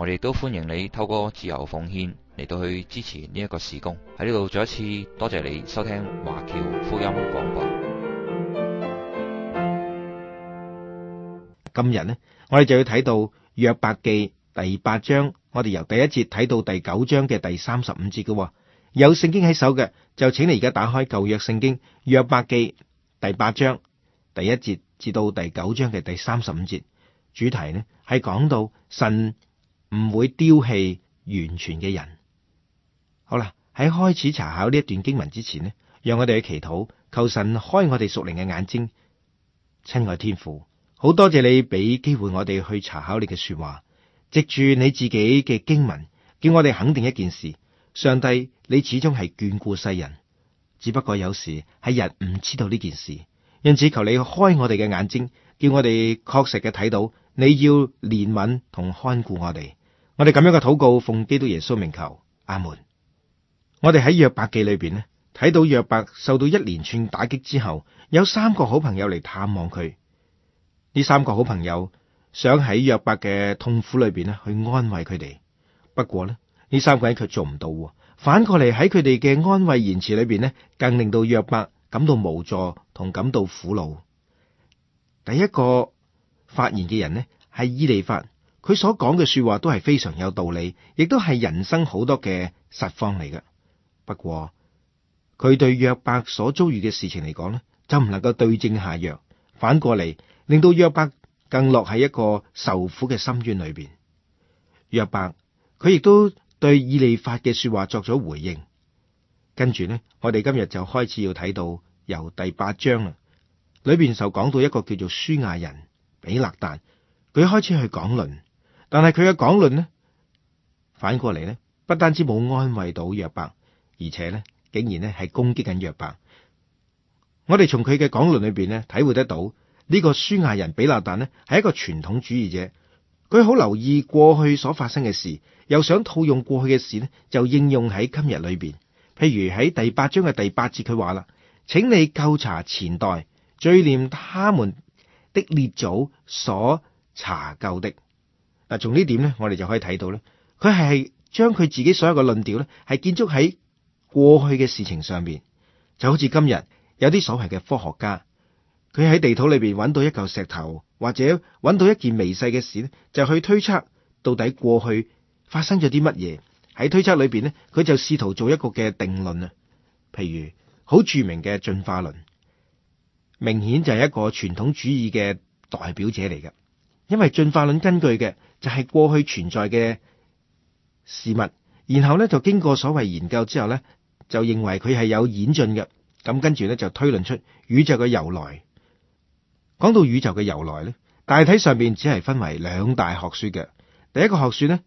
我哋都歡迎你透過自由奉獻嚟到去支持呢一個事工。喺呢度再一次多謝你收聽華僑福音廣播。今日呢，我哋就要睇到約伯記第八章，我哋由第一節睇到第九章嘅第三十五節嘅，哦。有聖經喺手嘅，就請你而家打開舊約聖經約伯記第八章第一節至到第九章嘅第三十五節。主題呢，係講到神。唔會丟棄完全嘅人。好啦，喺開始查考呢一段經文之前呢，讓我哋去祈禱，求神開我哋屬靈嘅眼睛。親愛天父，好多謝你俾機會我哋去查考你嘅說話，藉住你自己嘅經文，叫我哋肯定一件事：上帝，你始終係眷顧世人，只不過有時喺人唔知道呢件事。因此，求你開我哋嘅眼睛，叫我哋確實嘅睇到你要憐憫同看顧我哋。我哋咁樣嘅禱告，奉基督耶穌名求，阿門。我哋喺約伯記裏邊咧，睇到約伯受到一連串打擊之後，有三個好朋友嚟探望佢。呢三個好朋友想喺約伯嘅痛苦裏邊咧，去安慰佢哋。不過呢，呢三個人卻做唔到。反過嚟喺佢哋嘅安慰言辭裏邊咧，更令到約伯感到無助同感到苦惱。第一個發言嘅人呢，係以利法。佢所講嘅說話都係非常有道理，亦都係人生好多嘅實況嚟嘅。不過佢對約伯所遭遇嘅事情嚟講呢，就唔能夠對症下藥，反過嚟令到約伯更落喺一個受苦嘅深淵裏邊。約伯佢亦都對以利法嘅說話作咗回應。跟住呢，我哋今日就開始要睇到由第八章啦，裏邊就講到一個叫做書亞人比勒達，佢開始去講論。但係佢嘅講論呢，反過嚟呢，不單止冇安慰到約伯，而且咧，竟然咧係攻擊緊約伯。我哋從佢嘅講論裏邊咧，體會得到呢，這個蘇亞人比拿旦書亞人比勒達咧係一個傳統主義者，佢好留意過去所發生嘅事，又想套用過去嘅事咧，就應用喺今日裏邊。譬如喺第八章嘅第八節，佢話啦：請你考查前代，追念他們的列祖所查究的。嗱，從呢點咧，我哋就可以睇到咧，佢係將佢自己所有嘅論調咧，係建築喺過去嘅事情上面。就好似今日有啲所謂嘅科學家，佢喺地土裏邊揾到一嚿石頭，或者揾到一件微細嘅事咧，就去推測到底過去發生咗啲乜嘢。喺推測裏邊咧，佢就試圖做一個嘅定論啊。譬如好著名嘅進化論，明顯就係一個傳統主義嘅代表者嚟嘅，因為進化論根據嘅。就係過去存在嘅事物，然後咧就經過所謂研究之後咧，就認為佢係有演進嘅，咁跟住咧就推論出宇宙嘅由來。講到宇宙嘅由來咧，大體上面只係分為兩大學說嘅，第一個學說咧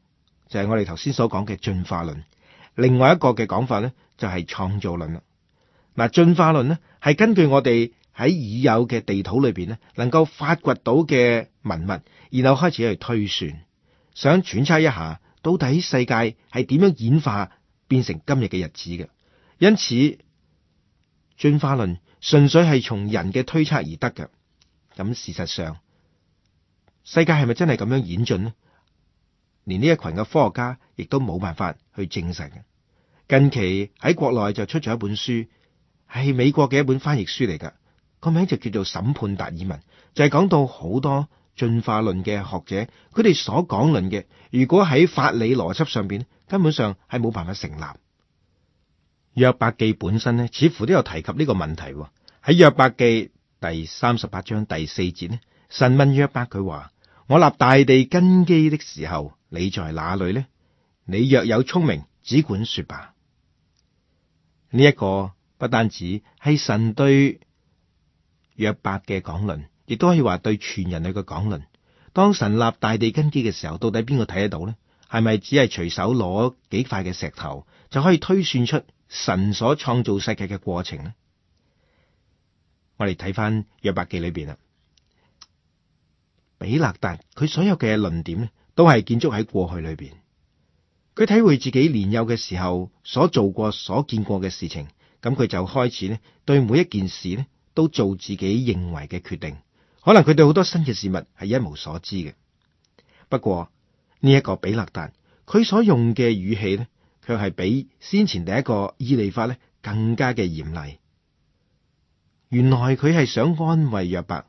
就係我哋頭先所講嘅進化論，另外一個嘅講法咧就係創造論啦。嗱，進化論咧係根據我哋。喺已有嘅地圖裏邊咧，能夠發掘到嘅文物，然後開始去推算，想揣測一下到底世界係點樣演化變成今日嘅日子嘅。因此，進化論純，純粹係從人嘅推測而得嘅。咁事實上，世界係咪真係咁樣演進咧？連呢一群嘅科學家亦都冇辦法去證實嘅。近期喺國內就出咗一本書，係美國嘅一本翻譯書嚟噶。個名就叫做審判達爾文，就係、是、講到好多進化論嘅學者，佢哋所講論嘅，如果喺法理邏輯上邊，根本上係冇辦法成立。約伯記本身呢，似乎都有提及呢個問題。喺約伯記第三十八章第四節呢，神問約伯佢話：我立大地根基的時候，你在哪裏呢？你若有聰明，只管說吧。呢、這、一個不單止係神對。約伯嘅講論，亦都可以話對全人類嘅講論。當神立大地根基嘅時候，到底邊個睇得到呢？係咪只係隨手攞幾塊嘅石頭就可以推算出神所創造世界嘅過程呢？我哋睇翻約伯記裏邊啦，比勒達佢所有嘅論點呢，都係建築喺過去裏邊。佢體會自己年幼嘅時候所做過、所見過嘅事情，咁佢就開始呢對每一件事呢。都做自己認為嘅決定，可能佢對好多新嘅事物係一無所知嘅。不過呢一個比勒達佢所用嘅語氣呢，卻係比先前第一個伊利法呢更加嘅嚴厲。原來佢係想安慰約伯，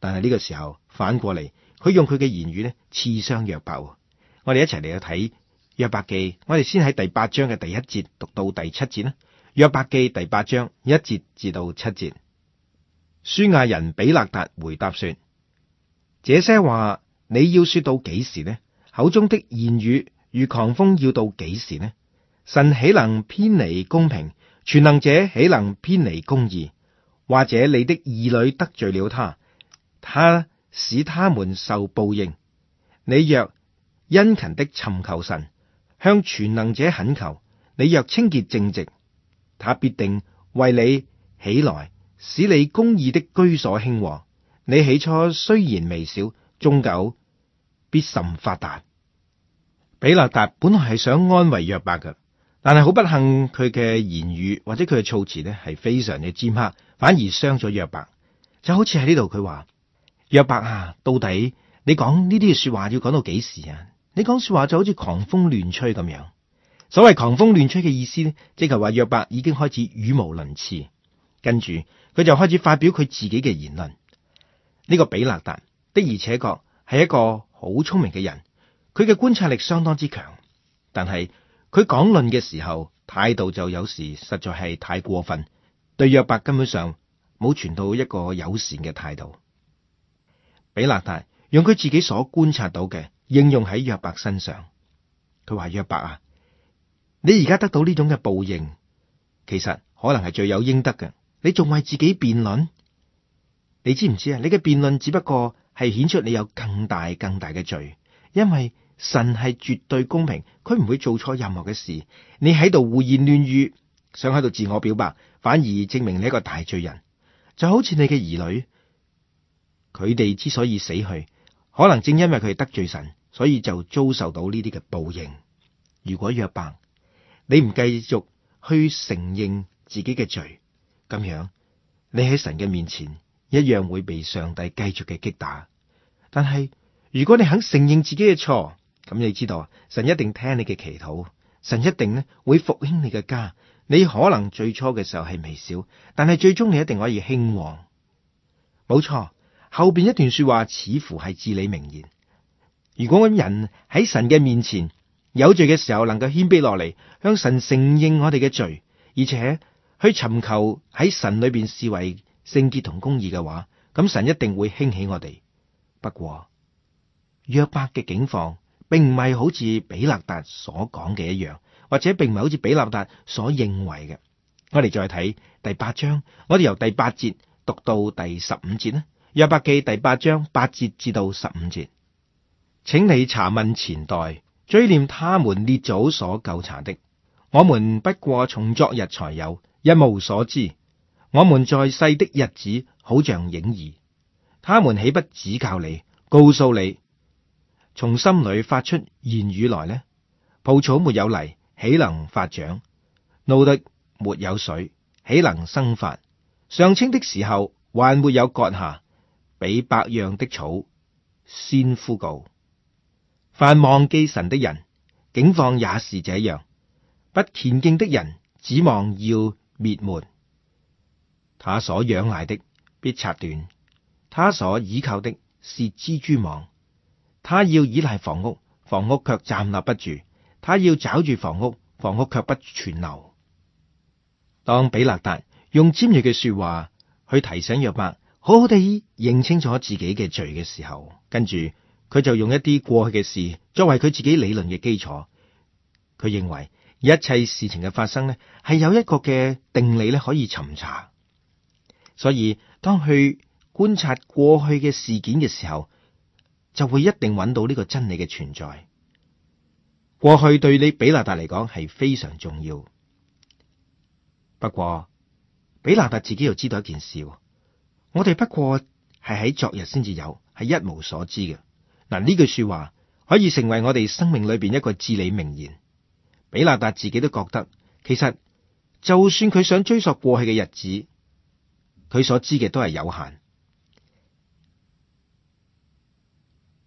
但係呢個時候反過嚟，佢用佢嘅言語呢刺傷約伯。我哋一齊嚟去睇約伯記，我哋先喺第八章嘅第一節讀到第七節啦。約伯記第八章一節至到七節。書亞人比勒達回答說：這些話你要說到幾時呢？口中的言語如狂風，要到幾時呢？神豈能偏離公平？全能者豈能偏離公義？或者你的兒女得罪了他，他使他們受報應？你若殷勤的尋求神，向全能者懇求，你若清潔正直，他必定為你起來。使你公義的居所興旺，你起初雖然微小，終究必甚發達。比勒達本來係想安慰約伯嘅，但係好不幸，佢嘅言語或者佢嘅措辭呢係非常嘅尖刻，反而傷咗約伯。就好似喺呢度，佢話：約伯啊，到底你講呢啲說話要講到幾時啊？你講說話就好似狂風亂吹咁樣。所謂狂風亂吹嘅意思呢，即係話約伯已經開始語無倫次。跟住佢就開始發表佢自己嘅言論。呢個比勒達的而且確係一個好聰明嘅人，佢嘅觀察力相當之強。但係佢講論嘅時候態度就有時實在係太過分，對約伯根本上冇傳到一個友善嘅態度。比勒達用佢自己所觀察到嘅應用喺約伯身上，佢話約伯啊，你而家得到呢種嘅報應，其實可能係罪有應得嘅。你仲為自己辯論？你知唔知啊？你嘅辯論只不過係顯出你有更大更大嘅罪，因為神係絕對公平，佢唔會做錯任何嘅事。你喺度胡言亂語，想喺度自我表白，反而證明你一個大罪人。就好似你嘅兒女，佢哋之所以死去，可能正因為佢哋得罪神，所以就遭受到呢啲嘅報應。如果約伯，你唔繼續去承認自己嘅罪，咁樣，你喺神嘅面前一樣會被上帝繼續嘅擊打。但係如果你肯承認自己嘅錯，咁你知道神一定聽你嘅祈禱，神一定呢會復興你嘅家。你可能最初嘅時候係微小，但係最終你一定可以興旺。冇錯，後邊一段說話似乎係至理名言。如果個人喺神嘅面前有罪嘅時候，能夠謙卑落嚟向神承認我哋嘅罪，而且，去尋求喺神裏邊視為聖潔同公義嘅話，咁神一定會興起我哋。不過約伯嘅境況並唔係好似比勒達所講嘅一樣，或者並唔係好似比勒達所認為嘅。我哋再睇第八章，我哋由第八節讀到第十五節啦。約伯記第八章八節至到十五節。請你查問前代，追念他們列祖所救查的，我們不過從昨日才有。一無所知，我們在世的日子好像影兒，他們豈不指教你、告訴你，從心裏發出言語來呢？蒲草沒有泥，豈能發長？蘆荻沒有水，豈能生發？尚青的時候還沒有割下，比百樣的草先枯槁。凡忘記神的人，景況也是這樣；不虔敬的人，指望要。滅門，他所仰賴的必拆斷，他所倚靠的是蜘蛛網。他要依賴房屋，房屋卻站立不住；他要抓住房屋，房屋卻不存留。當比勒達用尖銳嘅說話去提醒約伯，好好地認清楚自己嘅罪嘅時候，跟住佢就用一啲過去嘅事作為佢自己理論嘅基礎。佢認為，一切事情嘅發生呢，係有一個嘅定理咧，可以尋查。所以當去觀察過去嘅事件嘅時候，就會一定揾到呢個真理嘅存在。過去對你比勒達嚟講係非常重要。不過比勒達自己又知道一件事，我哋不過係喺昨日先至有，係一無所知嘅。嗱，呢句說話可以成為我哋生命裏邊一個至理名言。比勒達自己都覺得，其實就算佢想追溯過去嘅日子，佢所知嘅都係有限。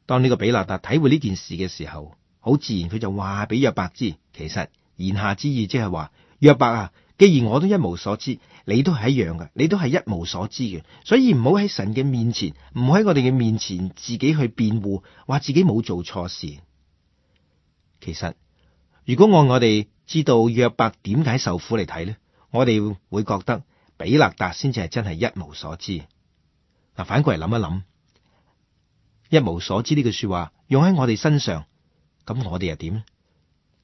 當呢個比勒達體會呢件事嘅時候，好自然佢就話俾約伯知，其實言下之意即係話，約伯啊，既然我都一無所知，你都係一樣嘅，你都係一無所知嘅，所以唔好喺神嘅面前，唔好喺我哋嘅面前，自己去辯護，話自己冇做錯事，其實。如果按我哋知道約伯點解受苦嚟睇咧，我哋會覺得比勒達先至係真係一無所知。嗱，反過嚟諗一諗，一無所知呢句說話用喺我哋身上，咁我哋又點咧？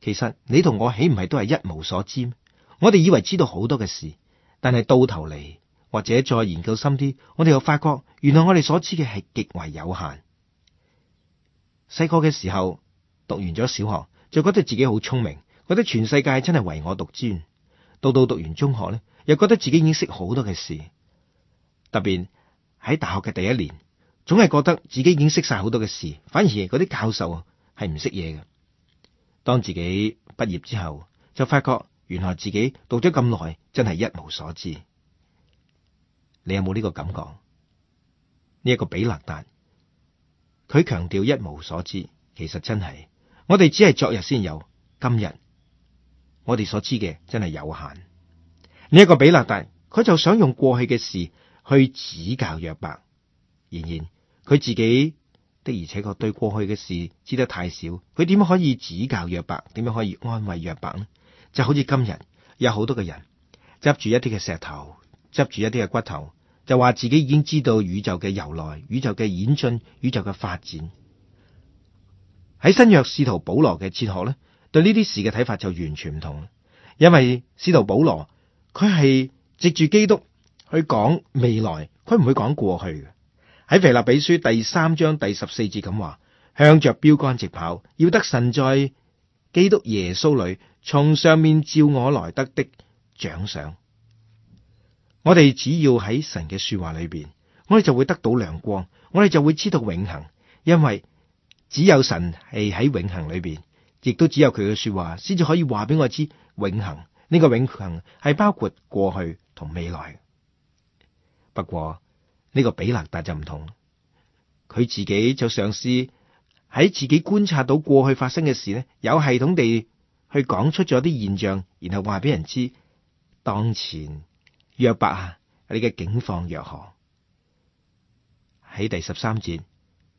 其實你同我豈唔係都係一無所知咩？我哋以為知道好多嘅事，但係到頭嚟或者再研究深啲，我哋又發覺，原來我哋所知嘅係極為有限。細個嘅時候，讀完咗小學。就覺得自己好聰明，覺得全世界真係唯我獨尊。到到讀完中學呢，又覺得自己已經識好多嘅事。特別喺大學嘅第一年，總係覺得自己已經識晒好多嘅事，反而嗰啲教授係唔識嘢嘅。當自己畢業之後，就發覺原來自己讀咗咁耐，真係一無所知。你有冇呢個感覺？呢、這、一個比勒達，佢強調一無所知，其實真係。我哋只係昨日先有，今日我哋所知嘅真係有限。呢、這、一個比勒達，佢就想用過去嘅事去指教約伯，然而佢自己的而且確對過去嘅事知得太少，佢點樣可以指教約伯？點樣可以安慰約伯呢？就好似今日有好多嘅人執住一啲嘅石頭，執住一啲嘅骨頭，就話自己已經知道宇宙嘅由來、宇宙嘅演進、宇宙嘅發展。喺新約使徒保羅嘅哲學呢對呢啲事嘅睇法就完全唔同。因為使徒保羅佢係藉住基督去講未來，佢唔會講過去嘅。喺腓立比書第三章第十四節咁話：向着標杆直跑，要得神在基督耶穌裏從上面召我來得的獎賞。我哋只要喺神嘅說話裏邊，我哋就會得到亮光，我哋就會知道永恒，因為。只有神，係喺永恆裏邊，亦都只有佢嘅說話先至可以話俾我知永恆呢、這個永恆係包括過去同未來不過呢、這個比勒達就唔同，佢自己就嘗試喺自己觀察到過去發生嘅事咧，有系統地去講出咗啲現象，然後話俾人知。當前約伯啊，你嘅境況如何？喺第十三節，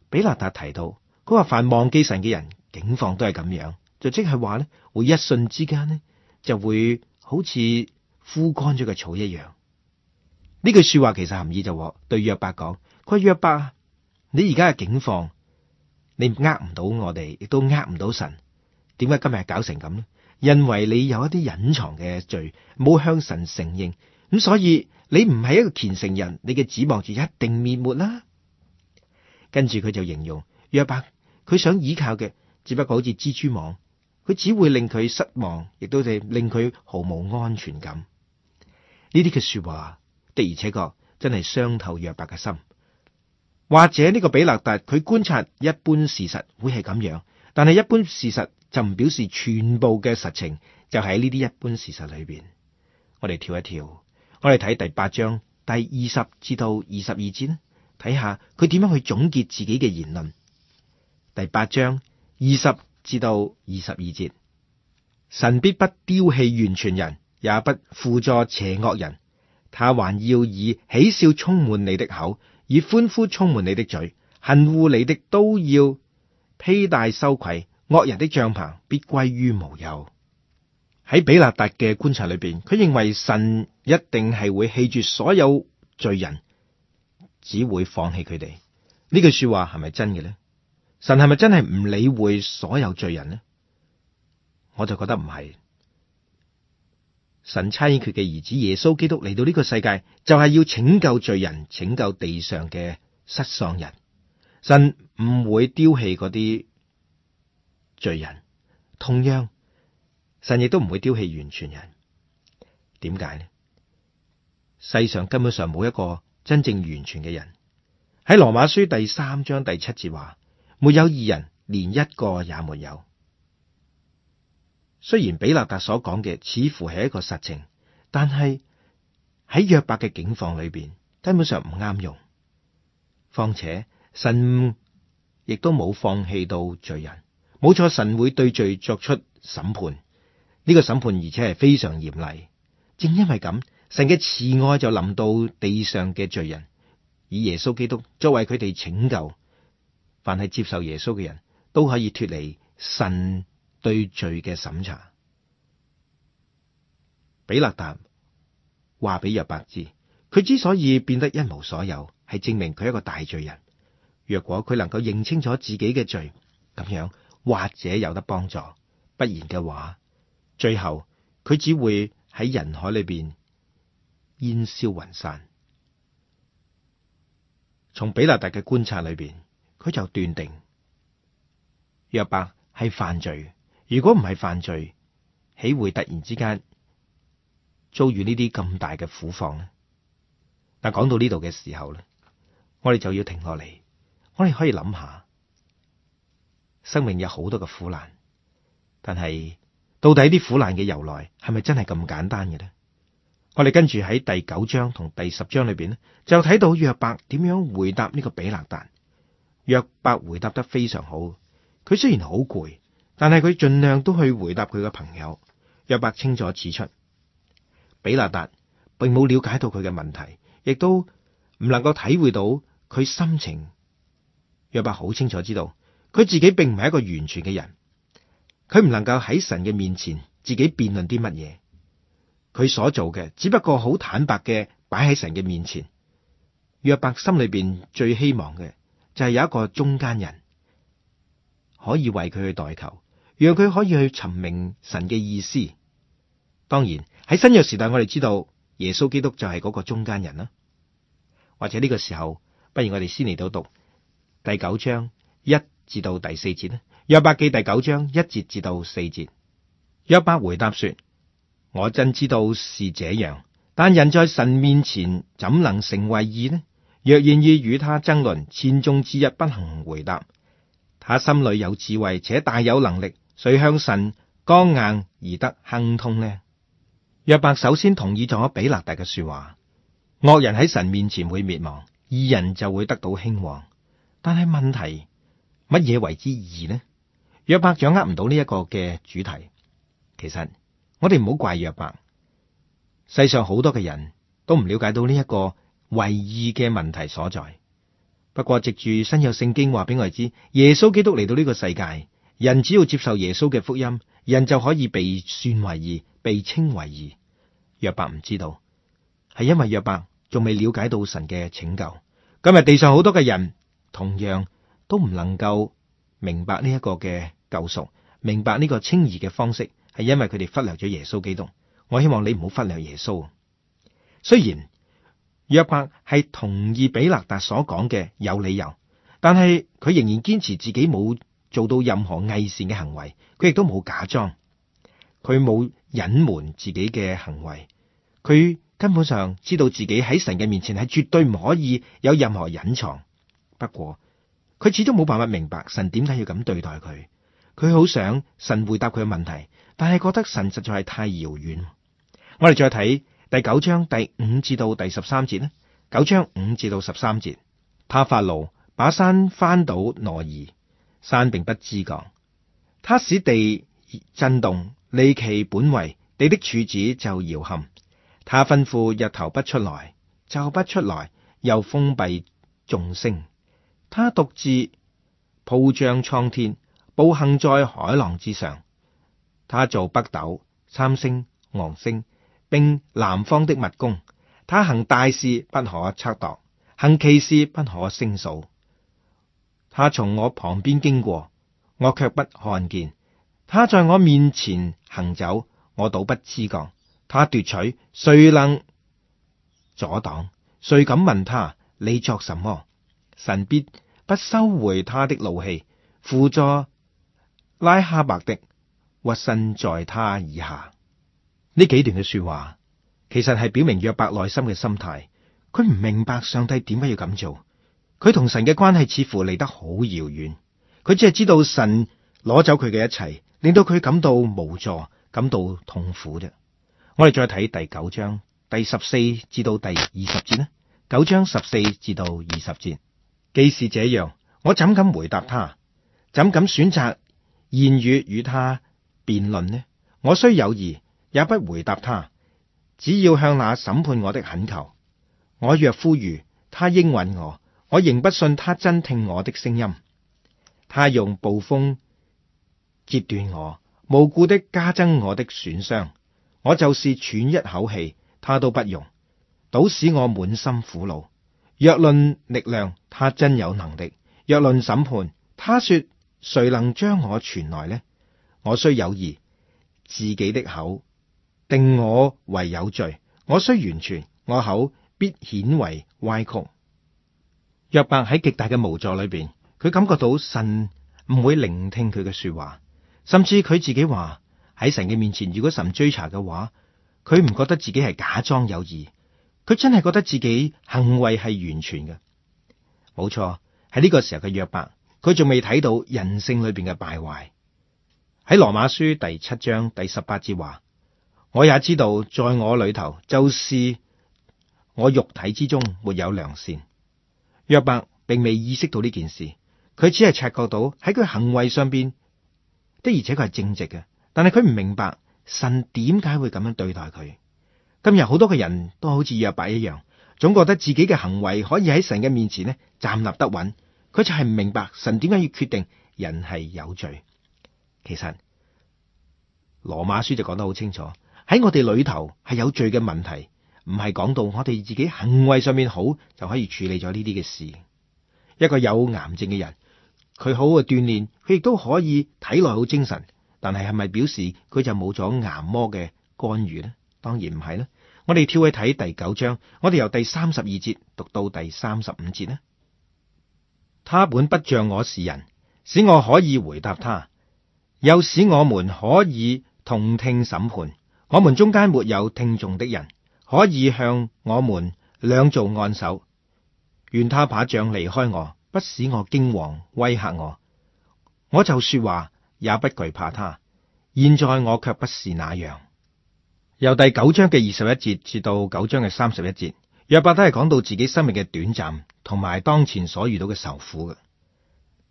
比勒達提到。佢話凡忘記神嘅人，景況都係咁樣，就即係話咧，會一瞬之間咧，就會好似枯乾咗個草一樣。呢句說話其實含義就話對約伯講，佢話約伯，你而家嘅景況，你呃唔到我哋，亦都呃唔到神。點解今日搞成咁咧？因為你有一啲隱藏嘅罪，冇向神承認，咁所以你唔係一個虔誠人，你嘅指望就一定滅沒啦。跟住佢就形容約伯。佢想依靠嘅只不過好似蜘蛛網，佢只會令佢失望，亦都係令佢毫無安全感。呢啲嘅說話的而且確真係傷透約伯嘅心。或者呢個比勒達佢觀察一般事實會係咁樣，但係一般事實就唔表示全部嘅實情就喺呢啲一般事實裏邊。我哋跳一跳，我哋睇第八章第二十至到二十二節，睇下佢點樣去總結自己嘅言論。第八章二十至到二十二節，神必不丟棄完全人，也不扶助邪惡人。他還要以喜笑充滿你的口，以歡呼充滿你的嘴。恨惡你的都要披戴羞愧，惡人的帳篷必歸於無有。喺比勒達嘅觀察裏邊，佢認為神一定係會棄絕所有罪人，只會放棄佢哋。呢句說話係咪真嘅呢？神係咪真係唔理會所有罪人呢？我就覺得唔係。神差遣佢嘅兒子耶穌基督嚟到呢個世界，就係要拯救罪人，拯救地上嘅失喪人。神唔會丟棄嗰啲罪人，同樣神亦都唔會丟棄完全人。點解呢？世上根本上冇一個真正完全嘅人。喺羅馬書第三章第七節話。沒有二人，連一個也沒有。雖然比勒達所講嘅似乎係一個實情，但係喺約伯嘅境況裏邊，根本上唔啱用。況且神亦都冇放棄到罪人。冇錯，神會對罪作出審判，呢、這個審判而且係非常嚴厲。正因為咁，神嘅慈愛就臨到地上嘅罪人，以耶穌基督作為佢哋拯救。凡係接受耶穌嘅人都可以脫離神對罪嘅審查。比勒達話俾約伯知，佢之所以變得一無所有，係證明佢一個大罪人。若果佢能夠認清楚自己嘅罪，咁樣或者有得幫助；不然嘅話，最後佢只會喺人海裏邊煙消雲散。從比勒達嘅觀察裏邊，佢就斷定約伯係犯罪。如果唔係犯罪，豈會突然之間遭遇這這呢啲咁大嘅苦況咧？嗱，講到呢度嘅時候咧，我哋就要停落嚟。我哋可以諗下，生命有好多嘅苦難，但係到底啲苦難嘅由來係咪真係咁簡單嘅呢？我哋跟住喺第九章同第十章裏邊咧，就睇到約伯點樣回答呢個比勒達。約伯回答得非常好，佢雖然好攰，但係佢盡量都去回答佢嘅朋友。約伯清楚指出，比勒達並冇了解到佢嘅問題，亦都唔能夠體會到佢心情。約伯好清楚知道，佢自己並唔係一個完全嘅人，佢唔能夠喺神嘅面前自己辯論啲乜嘢。佢所做嘅只不過好坦白嘅擺喺神嘅面前。約伯心裏邊最希望嘅。就係有一個中間人可以為佢去代求，讓佢可以去尋明神嘅意思。當然喺新約時代，我哋知道耶穌基督就係嗰個中間人啦。或者呢個時候，不如我哋先嚟到讀第九章一至到第四節啦。約伯記第九章一節至到四節，約伯回答說：我真知道是這樣，但人在神面前怎能成為義呢？若願意與他爭論，千中之一不能回答。他心裏有智慧，且大有能力，誰向神剛硬而得亨通呢？約伯首先同意咗比勒達嘅說話，惡人喺神面前會滅亡，義人就會得到興旺。但係問題，乜嘢為之義呢？約伯掌握唔到呢一個嘅主題。其實我哋唔好怪約伯，世上好多嘅人都唔了解到呢一個。為義嘅問題所在，不過藉住新約聖經話俾我哋知，耶穌基督嚟到呢個世界，人只要接受耶穌嘅福音，人就可以被算為義，被稱為義。約伯唔知道，係因為約伯仲未了解到神嘅拯救。今日地上好多嘅人，同樣都唔能夠明白呢一個嘅救贖，明白呢個稱義嘅方式，係因為佢哋忽略咗耶穌基督。我希望你唔好忽略耶穌，雖然。約伯係同意比勒達所講嘅有理由，但係佢仍然堅持自己冇做到任何偽善嘅行為，佢亦都冇假裝，佢冇隱瞞自己嘅行為，佢根本上知道自己喺神嘅面前係絕對唔可以有任何隱藏。不過佢始終冇辦法明白神點解要咁對待佢，佢好想神回答佢嘅問題，但係覺得神實在係太遙遠。我哋再睇。第九章第五至到第十三節咧，九章五至到十三節，他發怒，把山翻倒挪移，山並不知覺。他使地震動，離其本位，地的柱子就搖撼。他吩咐日頭不出來，就不出來，又封閉眾生。他獨自鋪張蒼天，步行在海浪之上。他造北斗、參星、昂星。並南方的密宮，他行大事不可測度，行奇事不可勝數。他從我旁邊經過，我卻不看見；他在我面前行走，我倒不知覺。他奪取，誰能阻擋？誰敢問他？你作什麼？神必不收回他的怒氣，扶助拉哈伯的屈身在他以下。呢幾段嘅說話，其實係表明約伯內心嘅心態。佢唔明白上帝點解要咁做，佢同神嘅關係似乎離得好遙遠。佢只係知道神攞走佢嘅一切，令到佢感到無助，感到痛苦啫。我哋再睇第九章第十四至到第二十節啦。九章十四至到二十節，既是這樣，我怎敢回答他？怎敢選擇言語與他辯論呢？我雖有義。也不回答他，只要向那審判我的懇求。我若呼籲，他應允我，我仍不信他真聽我的聲音。他用暴風截斷我，無故的加增我的損傷。我就是喘一口氣，他都不容，倒使我滿心苦惱。若論力量，他真有能力；若論審判，他說，誰能將我傳來呢？我雖有義，自己的口。定我為有罪，我雖完全，我口必顯為歪曲。約伯喺極大嘅無助裏邊，佢感覺到神唔會聆聽佢嘅說話，甚至佢自己話喺神嘅面前，如果神追查嘅話，佢唔覺得自己係假裝有義，佢真係覺得自己行為係完全嘅。冇錯，喺呢個時候嘅約伯，佢仲未睇到人性裏邊嘅敗壞。喺羅馬書第七章第十八節話。我也知道，在我裏頭，就是我肉體之中沒有良善。約伯並未意識到呢件事，佢只係察覺到喺佢行為上邊的，的，而且佢係正直嘅。但係佢唔明白神點解會咁樣對待佢。今日好多嘅人都好似約伯一樣，總覺得自己嘅行為可以喺神嘅面前呢站立得穩。佢就係唔明白神點解要決定人係有罪。其實羅馬書就講得好清楚。喺我哋裏頭係有罪嘅問題，唔係講到我哋自己行為上面好就可以處理咗呢啲嘅事。一個有癌症嘅人，佢好好鍛煉，佢亦都可以體內好精神，但係係咪表示佢就冇咗癌魔嘅干預呢？當然唔係啦。我哋跳去睇第九章，我哋由第三十二節讀到第三十五節呢， 他本不像我是人，使我可以回答他，又使我們可以同聽審判。我們中間沒有聽訟的人，可以向我們兩造按手。願他把杖離開我，不使我驚惶威嚇我。我就說話，也不懼怕他。現在我卻不是那樣。由第九章嘅二十一節至到九章嘅三十一節，約伯都係講到自己生命嘅短暫，同埋當前所遇到嘅仇苦嘅。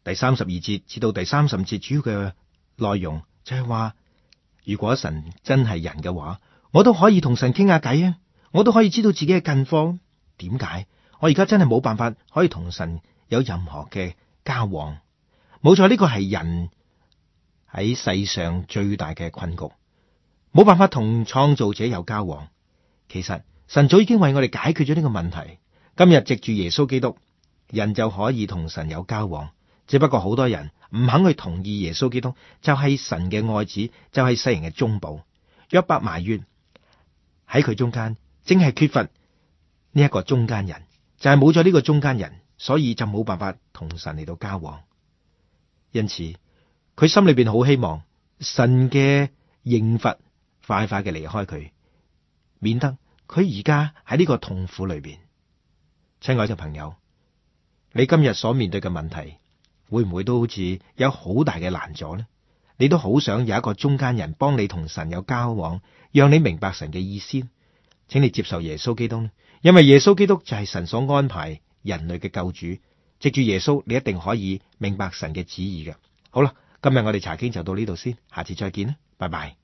第三十二節至到第三十節主要嘅內容就係話。如果神真係人嘅話，我都可以同神傾下偈啊！我都可以知道自己嘅近況。點解我而家真係冇辦法可以同神有任何嘅交往？冇錯，呢個係人喺世上最大嘅困局，冇辦法同創造者有交往。其實神早已經為我哋解決咗呢個問題。今日藉住耶穌基督，人就可以同神有交往。只不過好多人。唔肯去同意耶穌基督，就係神嘅愛子，就係世人嘅中保。約伯埋怨，喺佢中間，正係缺乏呢一個中間人，就係冇咗呢個中間人，所以就冇辦法同神嚟到交往。因此，佢心裏邊好希望神嘅應罰快快嘅離開佢，免得佢而家喺呢個痛苦裏邊。親愛嘅朋友，你今日所面對嘅問題。會唔會都好似有好大嘅難阻呢？你都好想有一個中間人幫你同神有交往，讓你明白神嘅意思。請你接受耶穌基督呢？因為耶穌基督就係神所安排人類嘅救主。藉住耶穌，你一定可以明白神嘅旨意嘅。好啦，今日我哋查經就到呢度先，下次再見啦，拜拜。